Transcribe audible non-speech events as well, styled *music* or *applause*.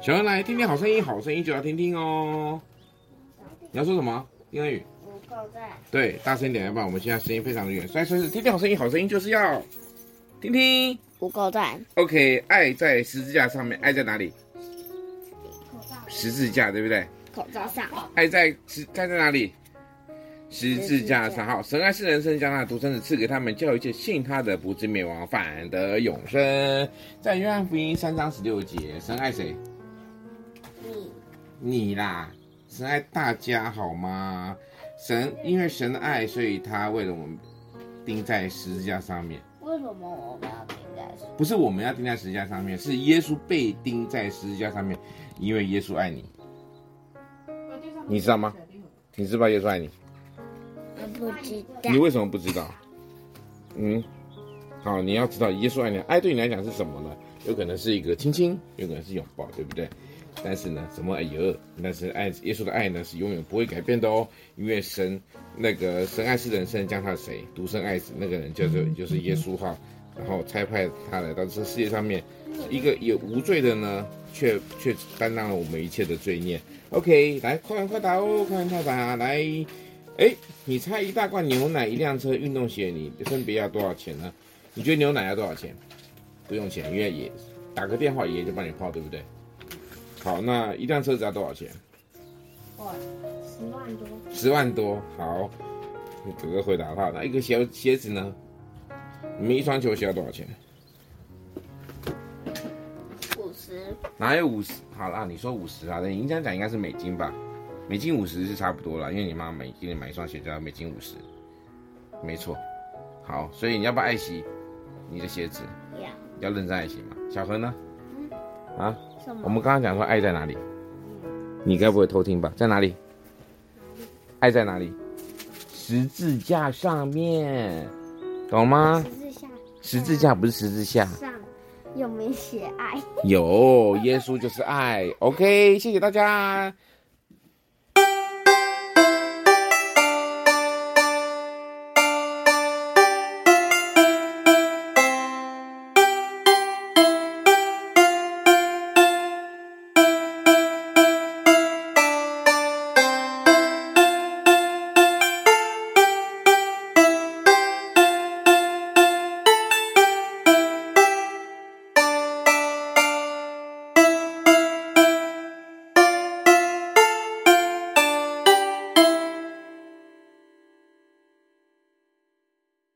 小恩來聽聽好聲音，好聲音就要聽聽哦。你要說什麼？英語。不夠讚。對，大聲點來吧，要不然我們現在聲音非常的遠。所以說是聽聽好聲音，好聲音就是要聽聽。不夠讚。OK，愛在十字架上面，愛在哪裡？十字架對不對？口罩上。愛在十在在哪裡？十字架上。好，神愛世人生將他的獨生子賜給他們，叫一切信他的不至滅亡，反得永生，在約翰福音三章十六節，神愛誰？你你啦，神愛大家好嗎？神，因為神的愛，所以他為了我們釘在十字架上面。為什麼我們要釘在十字架？不是我們要釘在十字架上面，是耶穌被釘在十字架上面，因為耶穌愛你。你知道嗎？你知道耶穌愛你？我不知道。你為什麼不知道？嗯，好，你要知道耶穌愛你。愛、哎、對你來講是什麼呢？有可能是一個親親，有可能是擁抱，對不對？但是呢，什麼？也、哎、呦，但是愛耶穌的愛呢，是永遠不會改變的哦。因為神那個神愛世人將他誰獨生愛子那個人叫、就、做、是、就是耶穌哈，然後差派他來到這世界上面，一個也無罪的呢，卻卻擔當了我們一切的罪孽。OK，來快問快答哦，快問快答來。哎，你猜一大罐牛奶、一輛車、運動鞋，你分別要多少錢呢？你覺得牛奶要多少錢？不用錢，因為爺打個電話，爺爺就幫你泡，對不對？好，那一輛車子要多少錢？哇，十萬多。十萬多，好。你哥哥回答他，那一個鞋鞋子呢？你們一雙球鞋要多少錢？五十。哪有五十？好啦，你說五十啊？那你這樣講應該是美金吧？美金五十是差不多了，因為你媽每給你買一雙鞋就要美金五十，沒錯。好，所以你要不要愛惜你的鞋子？要。Yeah. 要認真愛惜嘛。小何呢？啊，麼我們剛剛講說愛在哪裡？你該不會偷聽吧？在哪裡？哪裡愛在哪裡？十字架上面，懂嗎？十字,十字架不是十字架。上有沒寫愛？ *laughs* 有，耶穌就是愛。OK，謝謝大家。